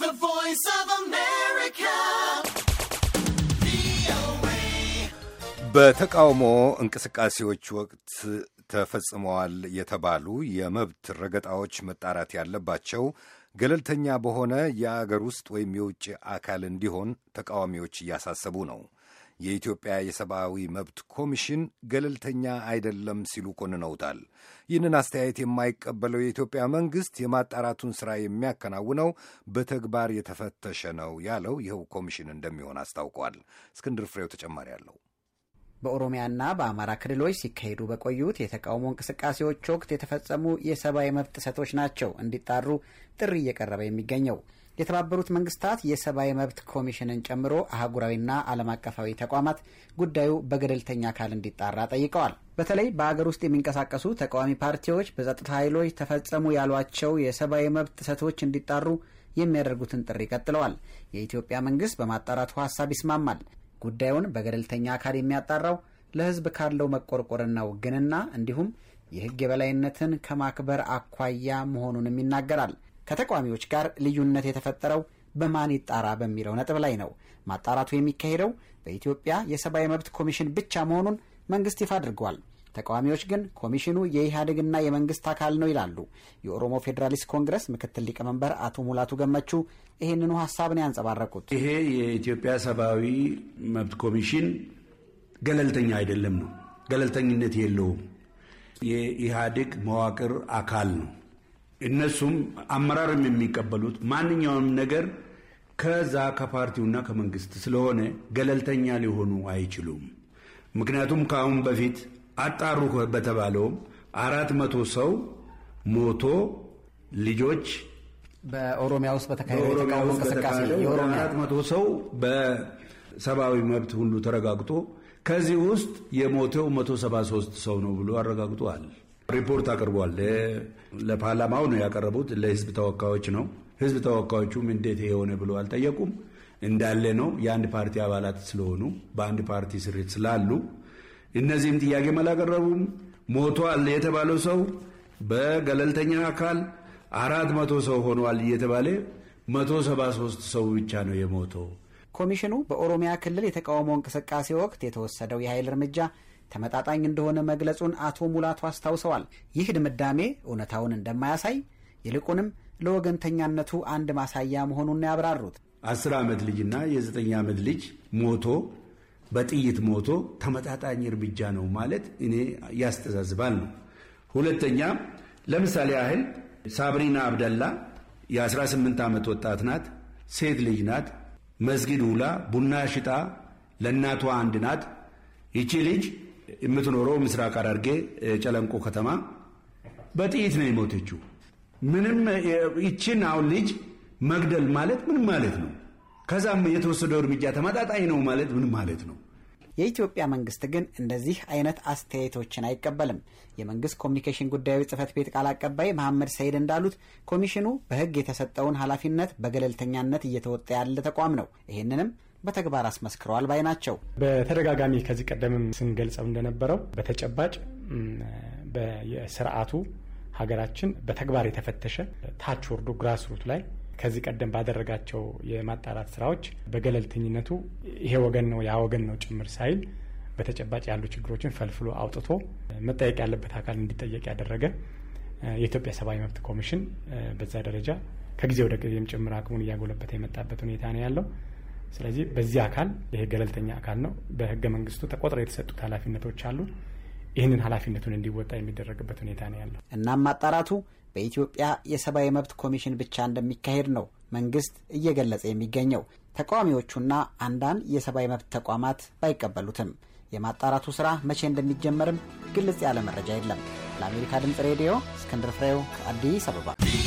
The Voice of America. በተቃውሞ እንቅስቃሴዎች ወቅት ተፈጽመዋል የተባሉ የመብት ረገጣዎች መጣራት ያለባቸው ገለልተኛ በሆነ የአገር ውስጥ ወይም የውጭ አካል እንዲሆን ተቃዋሚዎች እያሳሰቡ ነው። የኢትዮጵያ የሰብአዊ መብት ኮሚሽን ገለልተኛ አይደለም ሲሉ ኮንነውታል። ይህንን አስተያየት የማይቀበለው የኢትዮጵያ መንግሥት የማጣራቱን ሥራ የሚያከናውነው በተግባር የተፈተሸ ነው ያለው ይኸው ኮሚሽን እንደሚሆን አስታውቋል። እስክንድር ፍሬው ተጨማሪ አለው። በኦሮሚያና በአማራ ክልሎች ሲካሄዱ በቆዩት የተቃውሞ እንቅስቃሴዎች ወቅት የተፈጸሙ የሰብአዊ መብት ጥሰቶች ናቸው እንዲጣሩ ጥሪ እየቀረበ የሚገኘው። የተባበሩት መንግስታት የሰብአዊ መብት ኮሚሽንን ጨምሮ አህጉራዊና ዓለም አቀፋዊ ተቋማት ጉዳዩ በገለልተኛ አካል እንዲጣራ ጠይቀዋል። በተለይ በአገር ውስጥ የሚንቀሳቀሱ ተቃዋሚ ፓርቲዎች በጸጥታ ኃይሎች ተፈጸሙ ያሏቸው የሰብአዊ መብት ጥሰቶች እንዲጣሩ የሚያደርጉትን ጥሪ ቀጥለዋል። የኢትዮጵያ መንግስት በማጣራቱ ሀሳብ ይስማማል። ጉዳዩን በገለልተኛ አካል የሚያጣራው ለህዝብ ካለው መቆርቆርና ውግንና እንዲሁም የህግ የበላይነትን ከማክበር አኳያ መሆኑንም ይናገራል። ከተቃዋሚዎች ጋር ልዩነት የተፈጠረው በማን ይጣራ በሚለው ነጥብ ላይ ነው። ማጣራቱ የሚካሄደው በኢትዮጵያ የሰብአዊ መብት ኮሚሽን ብቻ መሆኑን መንግስት ይፋ አድርጓል። ተቃዋሚዎች ግን ኮሚሽኑ የኢህአዴግና የመንግስት አካል ነው ይላሉ። የኦሮሞ ፌዴራሊስት ኮንግረስ ምክትል ሊቀመንበር አቶ ሙላቱ ገመቹ ይህንኑ ሀሳብ ነው ያንጸባረቁት። ይሄ የኢትዮጵያ ሰብአዊ መብት ኮሚሽን ገለልተኛ አይደለም ነው፣ ገለልተኝነት የለውም። የኢህአዴግ መዋቅር አካል ነው። እነሱም አመራርም የሚቀበሉት ማንኛውም ነገር ከዛ ከፓርቲውና ከመንግስት ስለሆነ ገለልተኛ ሊሆኑ አይችሉም። ምክንያቱም ከአሁን በፊት አጣሩ በተባለውም አራት መቶ ሰው ሞቶ ልጆች በኦሮሚያ ውስጥ በተካሄደው አራት መቶ ሰው በሰብአዊ መብት ሁሉ ተረጋግጦ ከዚህ ውስጥ የሞተው ሶስት ሰው ነው ብሎ አረጋግጧል። ሪፖርት አቅርቧል። ለፓርላማው ነው ያቀረቡት፣ ለህዝብ ተወካዮች ነው። ህዝብ ተወካዮቹም እንዴት የሆነ ብሎ አልጠየቁም። እንዳለ ነው የአንድ ፓርቲ አባላት ስለሆኑ በአንድ ፓርቲ ስሪት ስላሉ እነዚህም ጥያቄ አላቀረቡም። ሞቷል የተባለው ሰው በገለልተኛ አካል አራት መቶ ሰው ሆኗል እየተባለ መቶ ሰባ ሶስት ሰው ብቻ ነው የሞተው። ኮሚሽኑ በኦሮሚያ ክልል የተቃውሞ እንቅስቃሴ ወቅት የተወሰደው የኃይል እርምጃ ተመጣጣኝ እንደሆነ መግለጹን አቶ ሙላቱ አስታውሰዋል። ይህ ድምዳሜ እውነታውን እንደማያሳይ ይልቁንም ለወገንተኛነቱ አንድ ማሳያ መሆኑን ያብራሩት አስር ዓመት ልጅና የዘጠኝ ዓመት ልጅ ሞቶ በጥይት ሞቶ ተመጣጣኝ እርምጃ ነው ማለት እኔ ያስተዛዝባል ነው። ሁለተኛ ለምሳሌ ያህል ሳብሪና አብደላ የ18 ዓመት ወጣት ናት፣ ሴት ልጅ ናት። መስጊድ ውላ ቡና ሽጣ ለእናቷ አንድ ናት። ይቺ ልጅ የምትኖረው ምስራቅ ሐረርጌ ጨለንቆ ከተማ በጥይት ነው የሞተችው። ምንም ይችን አሁን ልጅ መግደል ማለት ምን ማለት ነው? ከዛም የተወሰደው እርምጃ ተመጣጣኝ ነው ማለት ምን ማለት ነው? የኢትዮጵያ መንግስት ግን እንደዚህ አይነት አስተያየቶችን አይቀበልም። የመንግስት ኮሚኒኬሽን ጉዳዮች ጽህፈት ቤት ቃል አቀባይ መሐመድ ሰይድ እንዳሉት ኮሚሽኑ በህግ የተሰጠውን ኃላፊነት በገለልተኛነት እየተወጣ ያለ ተቋም ነው። ይህንንም በተግባር አስመስክረዋል ባይ ናቸው። በተደጋጋሚ ከዚህ ቀደምም ስንገልጸው እንደነበረው በተጨባጭ በስርዓቱ ሀገራችን በተግባር የተፈተሸ ታች ወርዶ ግራስሩት ላይ ከዚህ ቀደም ባደረጋቸው የማጣራት ስራዎች በገለልተኝነቱ ይሄ ወገን ነው ያ ወገን ነው ጭምር ሳይል በተጨባጭ ያሉ ችግሮችን ፈልፍሎ አውጥቶ መጠየቅ ያለበት አካል እንዲጠየቅ ያደረገ የኢትዮጵያ ሰብአዊ መብት ኮሚሽን በዛ ደረጃ ከጊዜ ወደ ጊዜም ጭምር አቅሙን እያጎለበተ የመጣበት ሁኔታ ነው ያለው። ስለዚህ በዚህ አካል ይሄ ገለልተኛ አካል ነው። በህገ መንግስቱ ተቆጥረው የተሰጡት ኃላፊነቶች አሉ። ይህንን ኃላፊነቱን እንዲወጣ የሚደረግበት ሁኔታ ነው ያለው። እናም ማጣራቱ በኢትዮጵያ የሰብአዊ መብት ኮሚሽን ብቻ እንደሚካሄድ ነው መንግስት እየገለጸ የሚገኘው። ተቃዋሚዎቹና አንዳንድ የሰብአዊ መብት ተቋማት ባይቀበሉትም የማጣራቱ ስራ መቼ እንደሚጀመርም ግልጽ ያለ መረጃ የለም። ለአሜሪካ ድምፅ ሬዲዮ እስክንድር ፍሬው ከአዲስ አበባ